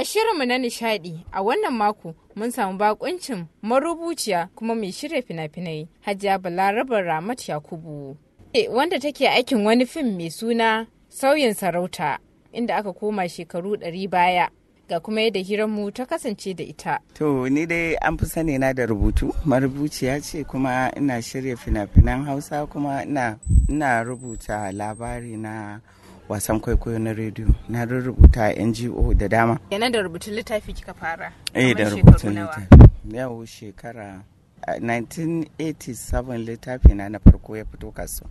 A shirinmu na nishaɗi a wannan mako mun samu bakuncin marubuciya kuma mai shirya fina-finai Hajiya Balarabar Ramat Yakubu. E, wanda take aikin wani fim mai suna Sauyin Sarauta inda aka koma shekaru ɗari baya. Ga kuma yadda hiranmu ta kasance da ita. To, ni dai an fi sani na da rubutu, marubuciya ce kuma ina shirya fina-finan Hausa kuma ina rubuta labari na wasan kwaikwayo na rediyo na rubuta ngo da dama yana da rubutun littafi kika fara eh da rubutun littafi yawo shekara 1987 littafi na na farko ya fito kaso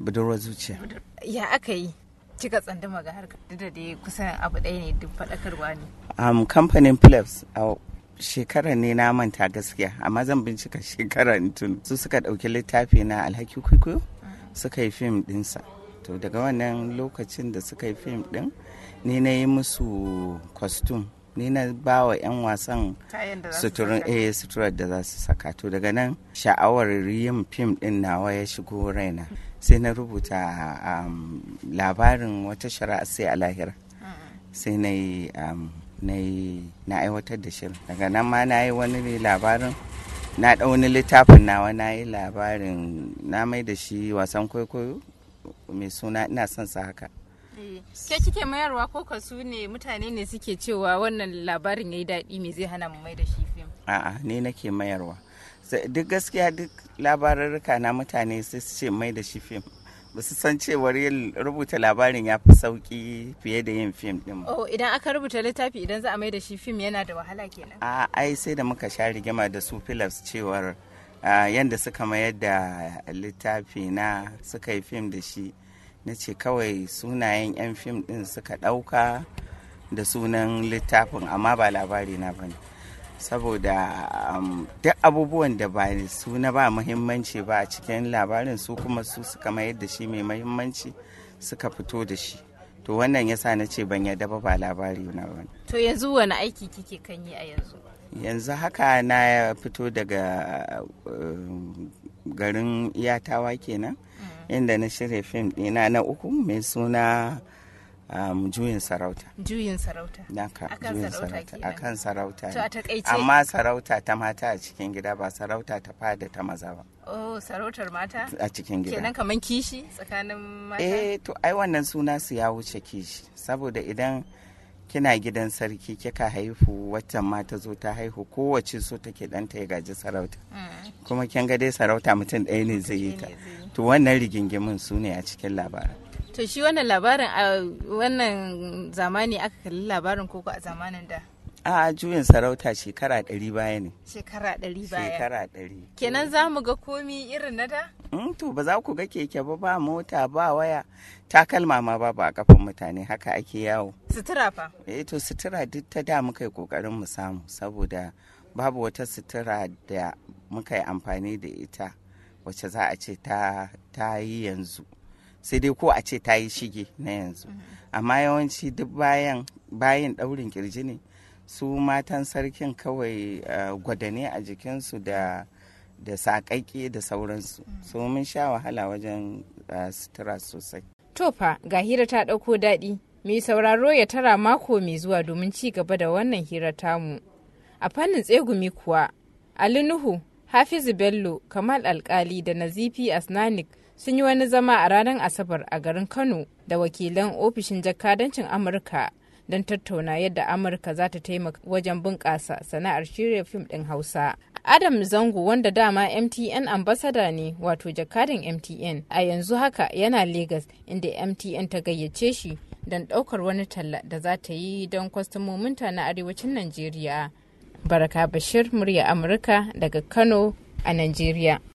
budurwar zuciya ya aka yi kika tsandama ga harka da dai kusan abu ɗaya ne duk faɗakarwa ne um, kamfanin philips a shekara ne na manta gaskiya amma zan bincika shekara tun su suka ɗauki littafi na alhaki kwaikwayo mm. suka yi fim ɗinsa to daga wannan lokacin da suka yi fim din ni na yi musu kwastum ni na ba wa 'yan wasan eh, suturar da za su saka to daga nan sha'awar yin fim din nawa ya shigo raina sai na rubuta um, labarin wata shari'a sai a lahira sai um, na yi na aiwatar da shirin daga nan ma na yi wani labarin na ɗauni littafin nawa na yi labarin na mai da shi wasan kwaikwayo mai suna ina son sa haka eh, ke kike mayarwa ko ka su ne mutane ne suke cewa wannan labarin ya yi daɗi me zai hana mu mai da shi fim a'a ne nake mayarwa duk gaskiya duk labarurruka na mutane sai su ce mai da shi fim ba san cewar yin rubuta labarin ya fi sauki fiye da yin fim din oh idan aka rubuta littafi idan za a mai da shi fim yana da wahala kenan a ai sai da muka sha rigima da su filas cewar yadda suka mayar da littafi na suka yi fim da shi na ce kawai sunayen 'yan fim din suka ɗauka da sunan littafin amma ba labari na bane saboda um, duk abubuwan da ba su na ba muhimmanci ba a cikin labarin su kuma su suka mayar da shi mai muhimmanci suka fito da shi to wannan yasa na ce ban yarda ba ba labari na bane to yanzu wani aiki kike kan yi a yanzu yanzu haka na fito daga eh, garin yatawa kenan mm. inda na shirya fim ɗina na uku mai suna um, juyin sarauta. Juyin sarauta. Naka, juyin sarauta. A kan sarauta. To a Amma sarauta ta mata a cikin gida ba sarauta ta fada ta maza ba. Oh, sarautar mata? A cikin gida. Kenan kaman kishi tsakanin mata? Eh, to ai wannan suna su ya wuce kishi. Saboda idan kina gidan sarki kika haihu watan ma ta zo ta haihu kowace so take ɗanta ya gaji sarauta mm. kuma kin ga dai sarauta mutum ɗaya ne zai yi ta to wannan rigingimin su ne a cikin labarin to shi wannan labarin a wannan zamani aka kalli labarin koko a zamanin da a juyin sarauta shekara ɗari baya ne shekara ɗari baya shekara ɗari kenan za mu ga komi irin na da mm, to ba za ku ga keke ba ba mota ba waya takalma ma ba ba a kafin mutane haka ake yawo sutura fa eh to sutura duk ta da muka yi kokarin mu samu saboda babu wata sutura da muka yi amfani da ita wacce za a ce ta yi yanzu sai dai ko a ce ta yi shige na yanzu mm-hmm. amma yawanci duk bayan bayan daurin kirji ne su matan sarkin kawai eh, gwadane a jikinsu da da saƙaƙe da sauransu mm. so mun sha wahala wajen eh, sutura sosai to fa ga hira ta ɗauko daɗi mai sauraro ya tara mako mai zuwa domin ci gaba da wannan hira tamu a fannin tsegumi kuwa ali nuhu hafizu bello kamal alkali da nazifi asnanik sun yi wani zama a ranar asabar a garin kano da wakilan ofishin jakadancin amurka don tattauna yadda amurka za ta taimaka wajen bunƙasa sana'ar shirya fim ɗin hausa adam zango wanda dama mtn ambasada ne wato jakadin mtn a yanzu haka yana Legas inda mtn ta gayyace shi don ɗaukar wani talla da za ta yi don kwastomominta na arewacin Najeriya. Baraka Bashir, murya Amurka daga Kano a Najeriya.